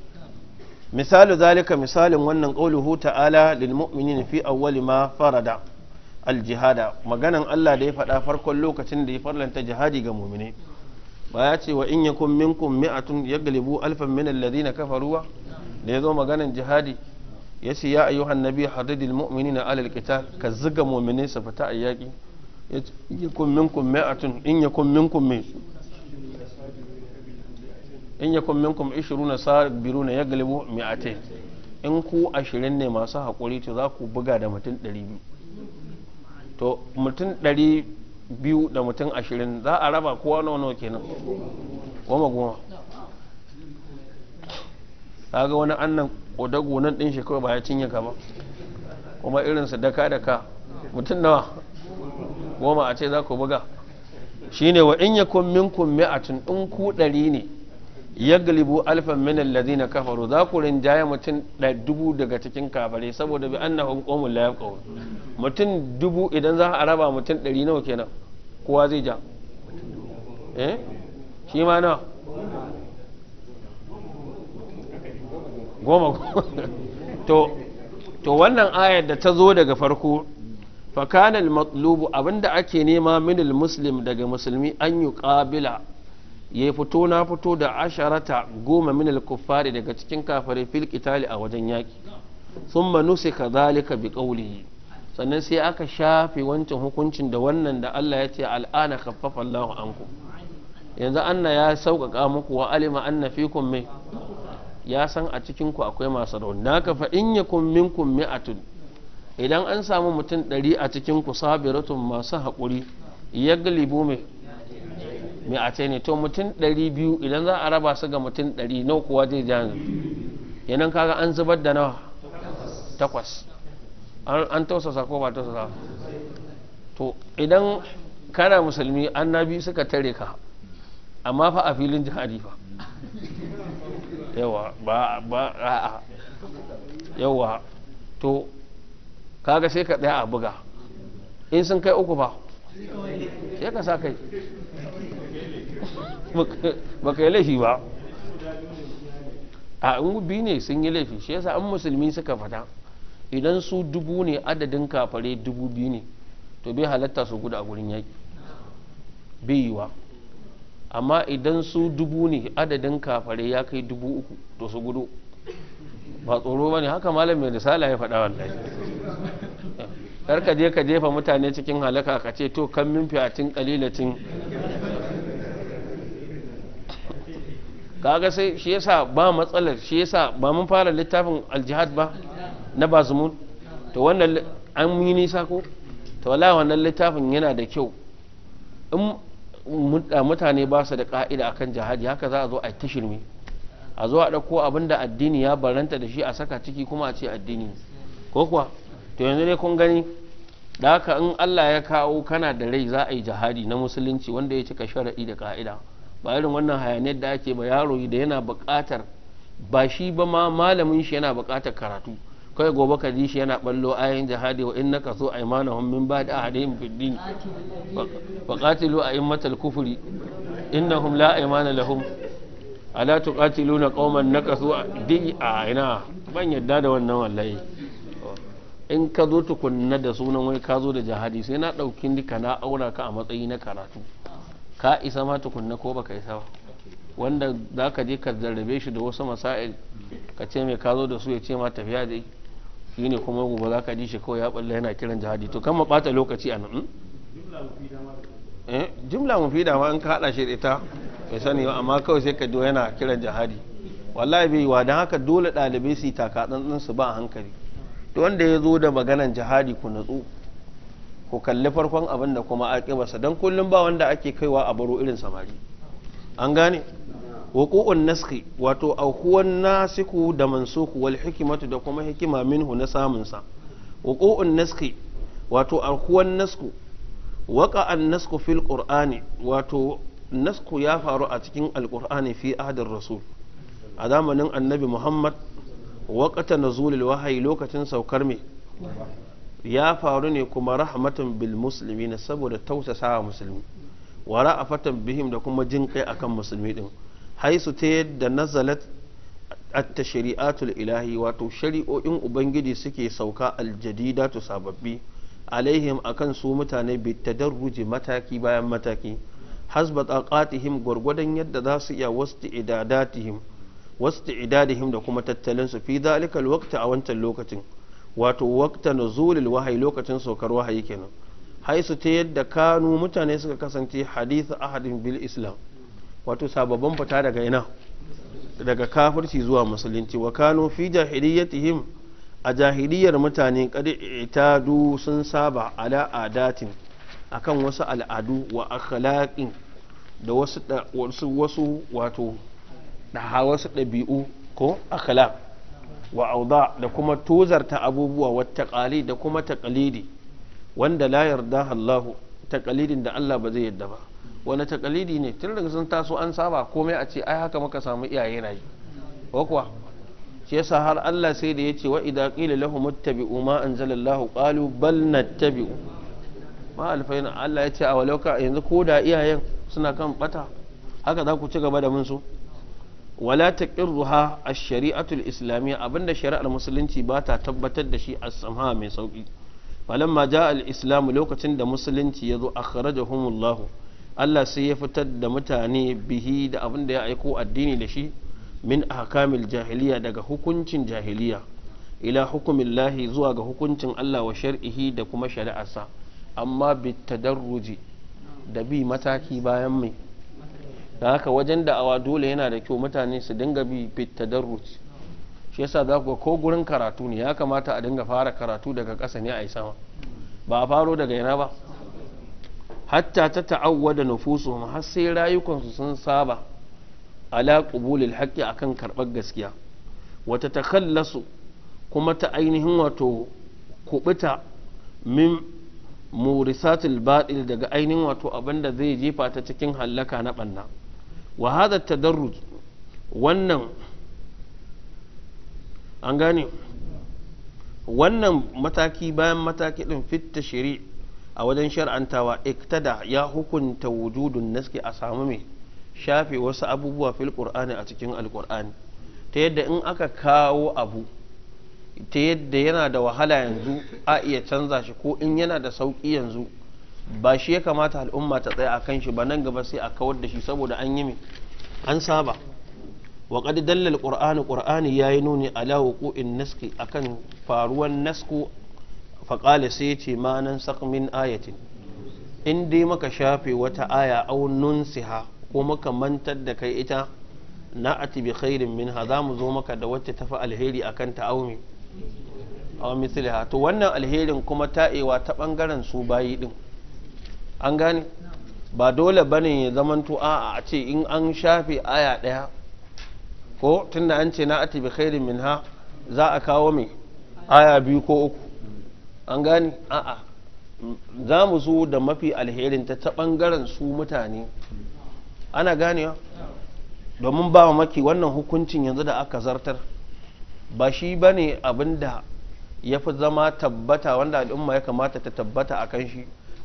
misalu zalika misalin wannan qauluhu ta'ala lil mu'minina fi awwali ma farada aljihada maganan Allah da ya faɗa farkon lokacin da ya farlanta jihadi ga mu'mine ba ya ce wa in yakum minkum mi'atun yaglibu alfan min alladhina kafaru wa da yazo maganan jihadi yace ya ayyuhan nabi hadidil mu'minina alal qital ka zuga mu'mine su fita ayyaki yace in yakum minkum mi'atun in yakum minkum mi'atun in yakun minkum 20 sabiruna yaglibu mi'atain in ku 20 ne masu hakuri to za ku buga da mutum 200 to mutum 200 da mutum 20 za a raba kowa nawa nawa kenan goma goma ga wani annan kodago nan din shi kawai ba ya cinye ka ba kuma irinsa daka daka mutum nawa goma a ce za ku buga shine wa in yakun minkum mi'atun in ku ɗari ne yaglibu alfan min alladhina kafaru za ku rinjaye mutum dubu daga cikin kafare saboda bi annahum qawmun la yafqahun mutum dubu idan za a raba mutum ɗari nawa kenan kowa zai ja eh shi ma na goma [laughs] to to wannan ayar da ta zo daga farko al matlubu abinda ake nema al muslim daga musulmi an yuqabila ya fito na fito da asharata goma min kuffari daga cikin kafare fil qitali a wajen yaki thumma ka zalika bi kaulihi sannan sai aka shafi wancan hukuncin da wannan da Allah ya ce al'ana khaffafa Allahu anku yanzu anna ya sauƙaƙa muku wa alima anna fi ya san a cikinku akwai masu rauni naka kafa in kummin minkum a idan an samu mutum ɗari a cikinku sabiratun masu haƙuri yaglibu mai mi'atai ne to mutum ɗari biyu idan za a raba su ga mutum ɗari nawa kuwa zai ja yanzu yanan kaga an zubar da nawa takwas an tausasa ko ba tausasa to idan kana musulmi annabi suka tare ka amma fa a filin jihadi fa yawa ba ba a'a yawa to kaga sai ka tsaya a buga in sun kai uku ba sai ka sa kai ba ka yi laifi ba a in biyu ne sun yi laifi shi yasa an musulmi suka fata idan su dubu ne adadin kafare dubu biyu ne to bai halatta su gudu a gurin yaki bai yiwa amma idan su dubu ne adadin kafare ya kai dubu uku to su gudu ba tsoro ba ne haka malam mai risala ya faɗa wallahi kar ka je ka jefa mutane cikin halaka ka ce to kan min fiyatin kalilatin kaga sai shi yasa ba matsalar shi yasa ba mun fara littafin aljihad ba na bazumun to wannan an yi nisa ko to wala wannan littafin yana da kyau in mutane ba su da ka'ida akan jihadi haka za a zo a ta shirme a zo a ɗauko abin da addini ya baranta da shi a saka ciki kuma a ce addini ko kuwa to yanzu ne kun gani da haka in allah ya kawo kana da rai za a yi jihadi na musulunci wanda ya cika shara'i da ka'ida ba irin wannan hayaniyar da ake ba yaro da yana buƙatar ba shi ba ma malamin shi yana buƙatar karatu kai gobe ka ji shi yana ballo ayin jihadi wa ka so hun min ba'di ahadihim fid din wa qatilu a'immatal kufri innahum la aymana lahum ala tuqatiluna qauman nakasu di a ina ban yadda da wannan wallahi in ka zo tukunna da sunan wai ka zo da jihadi sai na ɗauki dika na aura ka a matsayi na karatu ka isa ma tukunna ko baka isa ba wanda za ka je ka zarrabe shi da wasu masa'il ka ce mai ka zo da su ya ce ma tafiya dai shi ne kuma gobe za ka ji shi kawai ya balla yana kiran jihadi to kan bata lokaci a nan hmm? eh, jimla da ma in ka hada shi da ita mai sani ba amma kawai sai ka do yana kiran jihadi wallahi bai wa don haka dole ɗalibai su yi takatsantsin su ba a hankali to wanda ya zo da maganan jihadi ku natsu ku kalli farkon abin da kuma aƙibarsa don kullum ba wanda ake kaiwa a baro irin samari an gane wuqu'un naski wato aukuwan nasiku da mansuku wal hikimatu da kuma hikima minhu na samun sa wuqu'un naski wato aukuwan nasku an nasku fil qur'ani wato nasku ya faru a cikin alqur'ani fi ahdar rasul a zamanin annabi muhammad waqata nazulil wahayi lokacin saukar mai ya faru ne kuma rahmatan bil musulmi na saboda tausasa wa musulmi wa ra'afatan bihim da kuma jin kai akan musulmi ɗin haisu ta yadda nazalat at shari'atul ilahi wato shari'o'in ubangiji suke sauka to sababbi alaihim akan su mutane bi tadarruji mataki bayan mataki hasba taqatihim gwargwadon yadda za su iya wasu idadatihim da kuma tattalin su fi dalika waqti a wancan lokacin wato waqta nuzulil wahayi lokacin saukar wahayi kenan haisu ta yadda kanu mutane suka kasance hadith ahadin bil islam wato sababan fita daga ina daga kafirci zuwa musulunci wa kanu fi jahiliyatihim a jahiliyar mutane kad itadu sun saba ala adatin akan wasu al'adu wa akhlaqin da wasu wasu wato da wasu ɗabi'u ko akhlaq wa auda da kuma tuzarta abubuwa wa taqali da kuma taqlidi wanda la yarda Allah taƙalidin da Allah ba zai yarda ba wani taƙalidi ne tun daga sun taso an saba komai a ce ai haka muka samu iyaye na yi ko kuwa shi yasa har Allah sai da ya yace wa idza qila lahu muttabi'u ma anzalallahu qalu bal nattabi'u ma alfaina Allah yace a walauka yanzu ko da iyayen suna kan bata haka za ku ci gaba da mun su wala taqirruha ash a shariatul islamiyya abinda shari'ar musulunci ba ta tabbatar da shi a samha mai sauki falamma jaa al-islam lokacin da musulunci ya zo da humullahu Allah sai ya fitar da mutane bihi da abinda ya aiko addini da shi min ahkamil jahiliya daga hukuncin jahiliya ila hukumillahi zuwa ga hukuncin Allah wa shar'ihi da kuma shari'arsa amma bitadarruji da bi mataki bayan mai da haka wajen da'awa dole yana da kyau mutane su dinga bi fit tadarruci shi yasa za ku ga ko gurin karatu ne ya kamata a dinga fara karatu daga ƙasa ne a yi sama ba a faro daga yana ba hatta ta ta'awwada nufusuhum har sai rayukansu sun saba ala qubulil haqqi akan karbar gaskiya wata kallasu kuma ta ainihin wato kubuta min murisatil batil daga ainihin wato abinda zai jefa ta cikin hallaka na banna wa hada tadarruj wannan an wannan mataki bayan mataki din fitta shiri a wajen shar'antawa iktada ya hukunta wujudun naski a samu mai shafe wasu abubuwa fil qur'ani a cikin alqur'ani ta yadda in aka kawo abu ta yadda yana da wahala yanzu a iya canza shi ko in yana da sauki yanzu ba shi ya kamata al'umma ta tsaya a kan shi ba nan gaba sai a kawar da shi saboda an yi an saba wa qad dallal qur'anu qur'ani yayi nuni ala wuqu'in naski akan faruwan nasku fa qala sai ce ma nan min ayatin in dai maka shafe wata aya aw nunsiha ko maka mantar da kai ita na ati bi khairin minha za mu zo maka da wacce tafi alheri akan ta aumi aw to wannan alherin kuma ta'ewa ta bangaren su bayi din an gane ba dole bane ya zamanto a a ce in an shafe aya daya ko tunda an ce na ati bi khairin minha za a kawo mai aya biyu ko uku an gane a'a za mu zo da mafi alherin ta ta bangaren su mutane ana ganewa domin ba maki wannan hukuncin yanzu da aka zartar ba shi ba ne abin da ya fi zama tabbata wanda al'umma ya kamata ta tabbata a kan shi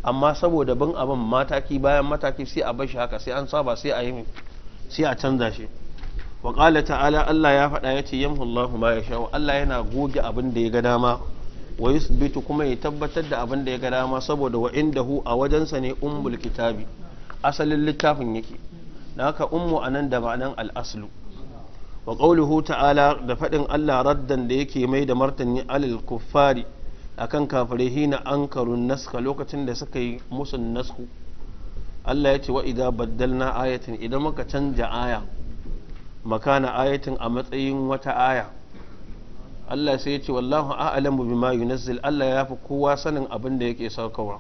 amma saboda bin abin mataki bayan mataki sai a bashi haka sai an saba sai a yi sai a canza shi wa qala ta'ala Allah ya faɗa ya ce yamhu Allahu ma yasha Allah yana goge abin da ya ga dama wa yusbitu kuma ya tabbatar da abin da ya ga dama saboda wa indahu a wajensa ne umul kitabi asalin littafin yake da haka a nan da ma'anan al-aslu wa qawluhu ta'ala da faɗin Allah raddan da yake mai da martani alal kuffari akan kafirai hina an karun naska lokacin da suka yi musun nasku Allah ya ce wa idan baddalna ayatin idan muka canja aya makana ayatin a matsayin wata aya Allah sai ya ce wallahu a'lamu bima yunazzil Allah ya fi kowa sanin abin da yake saukawa.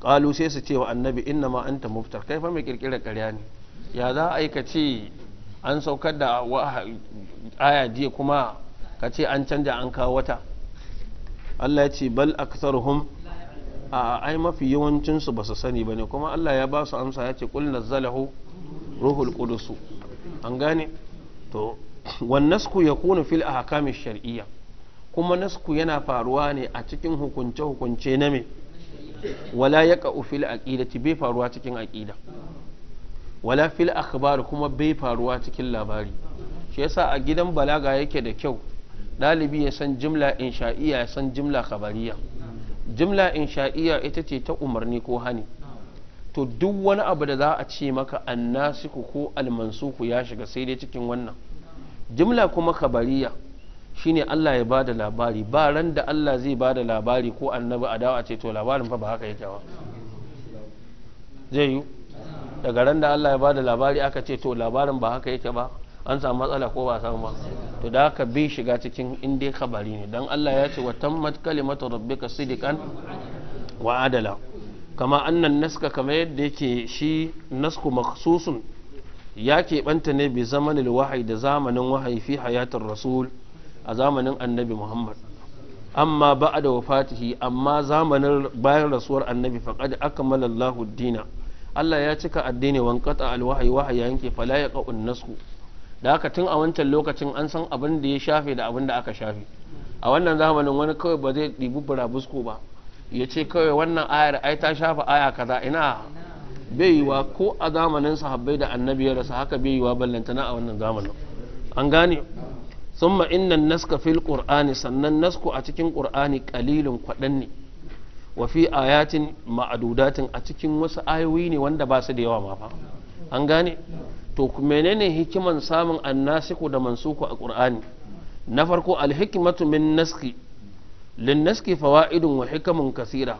qalu sai su ce wa annabi inna ma anta muftar kai fa mai kirkira ƙarya ne ya za a ka ce an saukar da aya jiya kuma ka ce an canja an kawo wata Allah ya ce bal aktharuhum a ai mafi yawancin su basu sani bane kuma Allah ya ba su amsa ya ce qul nazzalahu ruhul qudus an gane to wan nasku yakunu fil ahkami shar'iyya kuma nasku yana faruwa ne a cikin hukunce hukunce na me wala yaqa'u fil aqidati bai faruwa cikin aqida wala fil akhbar kuma bai faruwa cikin labari shi yasa a gidan balaga yake da kyau dalibi ya san jimla insha'iya ya san jimla kabariya jimla insha'iya ita ce ta umarni ko hani to duk wani abu da za a ce maka annasiku ko almansuku ya shiga sai dai cikin wannan jimla kuma kabariya shine Allah ya bada labari ba ran da Allah zai bada labari ko annabi a dawa ce to labarin fa ba haka yake ba zai yi daga ran da Allah ya bada labari aka ce to labarin ba haka yake ba an samu matsala ko ba samu ba to da ka bi shiga cikin inda kabari ne don Allah ya ce wa tammat kalimatu rabbika sidikan wa adala kama annan naska kama yadda yake shi nasku maksusun ya keɓanta ne bi zamanin wahayi da zamanin wahayi fi hayatar rasul a zamanin annabi muhammad amma ba da wafatihi amma zamanin bayan rasuwar annabi aka malallahu dina Allah ya cika addini wankata alwahayi wahayi yanke fala ya nasku da haka tun a wancan lokacin an san abin da ya shafe da abin da aka shafe a wannan zamanin wani kawai ba zai ɗibi burabusko ba ya ce kawai wannan ayar ai ta shafa aya kaza ina bai wa ko a zamanin sahabbai da annabi ya rasa haka bai wa ballantana a wannan zamanin an gane cikin إن النسك kwaɗan ne wa fi ayatin ma'adudatin a cikin wasu ayoyi ne wanda ba su da yawa ma fa an gane. to menene hikiman samun annasiku da mansuku a qur'ani na farko alhikmatu min naski lin naski fawaidun wa hikamun kasira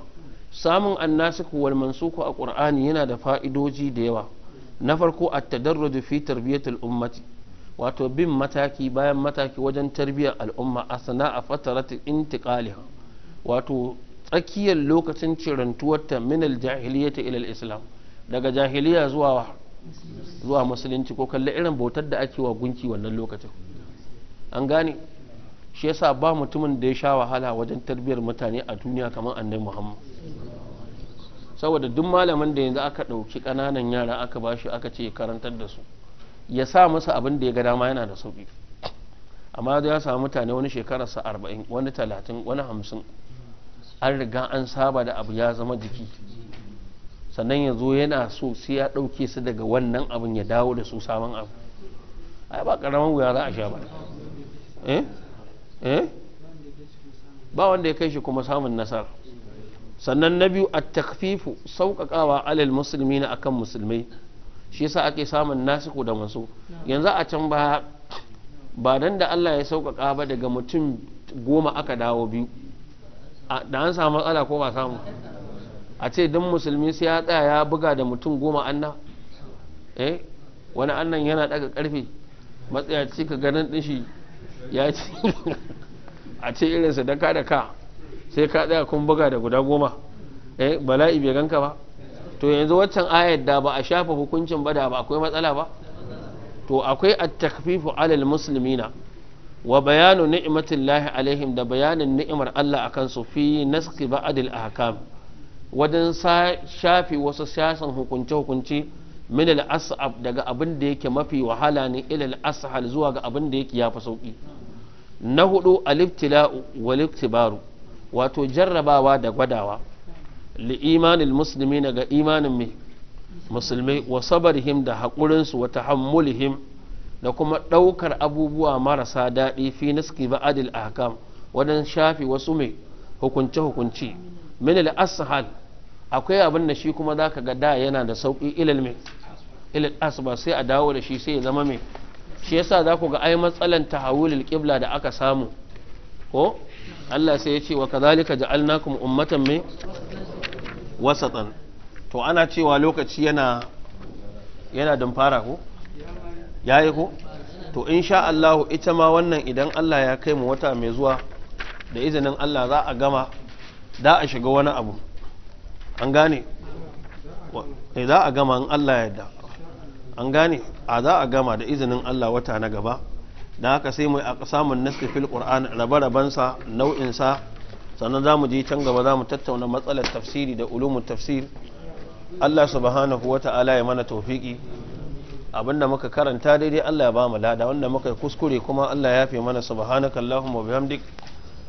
samun annasiku wal mansuku a qur'ani yana da fa'idoji da yawa na farko at-tadarruj fi tarbiyatil ummati wato bin mataki bayan mataki wajen tarbiyyar al'umma a sana'a fataratin intiqaliha wato tsakiyar lokacin cirantuwarta min al-jahiliyyati ila al-islam daga jahiliya zuwa zuwa musulunci ko kalli irin bautar da ake wa gunki wannan lokacin an gane shi yasa ba mutumin da ya sha wahala wajen tarbiyyar mutane a duniya kamar annabi muhammad saboda duk malamin da yanzu aka ɗauki kananan yara aka ba shi aka ce karantar da su ya sa masa abin da ya ga dama yana da sauƙi amma da ya samu mutane wani shekarar sa arba'in wani talatin wani hamsin an riga an saba da abu ya zama jiki sannan ya zo yana so sai ya ɗauke su daga wannan abin ya dawo da su saman abu ai ba ƙaramin wuya za a sha ba eh? Eh? ba wanda ya kai shi kuma samun nasara sannan na biyu a takfifu sauƙaƙawa alal musulmi na akan musulmai shi yasa ake samun nasiku da masu yanzu a can ba ba dan da Allah ya sauƙaƙa ba daga mutum goma aka dawo biyu da an samu matsala ko ba samu a ce don musulmi sai ya tsaya ya buga da mutum goma anna eh wani annan yana daga karfe matsayaci ka ganin dinshi ya ce a ce irinsa da ka da ka sai ka tsaya kun buga da guda goma eh bala'i bai ganka ba to yanzu waccan ayar da ba a shafa hukuncin ba da ba akwai matsala ba to akwai at-takfifu alal muslimina wa bayanu ni'matillahi alaihim da bayanin ni'imar Allah akan su fi naski ba'dil ahkam wajen shafi wasu siyasan hukunce-hukunce min al daga abin da yake mafi wahala ne ila al-ashal zuwa ga abin da yake fi sauƙi na hudu aliftila'u ibtilau iktibaru wato jarrabawa da gwadawa li'imanin musulmi muslimi daga imanin musulmai wa sabarihim da haƙurinsu wata wa tahammulihim da kuma ɗaukar abubuwa marasa daɗi fi niski a ahkam wajen shafi wasu mai hukunce-hukunce min al-ashal akwai abin da shi kuma zaka ga da yana da sauki ilal mai ilal asba sai a dawo da shi sai ya zama mai shi yasa za ku ga ai matsalan tahawulil qibla da aka samu ko Allah sai ya ce wa kadhalika ja'alnakum ummatan mai wasatan to ana cewa lokaci yana yana don fara ko yayi ko to insha Allah ita ma wannan idan Allah ya kai mu wata mai zuwa da izinin Allah za a gama da a shiga wani abu an gane eh, za a gama in Allah yadda an gane a za a gama da izinin Allah wata na gaba da haka sai mu a samun nasifil fil qur'an rabe-rabensa nau'insa sannan za mu je can gaba za mu tattauna matsalar tafsiri da ulumun tafsir Allah subhanahu wa ta'ala ya mana tawfiki abinda muka karanta daidai Allah ya ba mu lada wanda muka kuskure kuma Allah ya fi mana subhanakallahumma bihamdik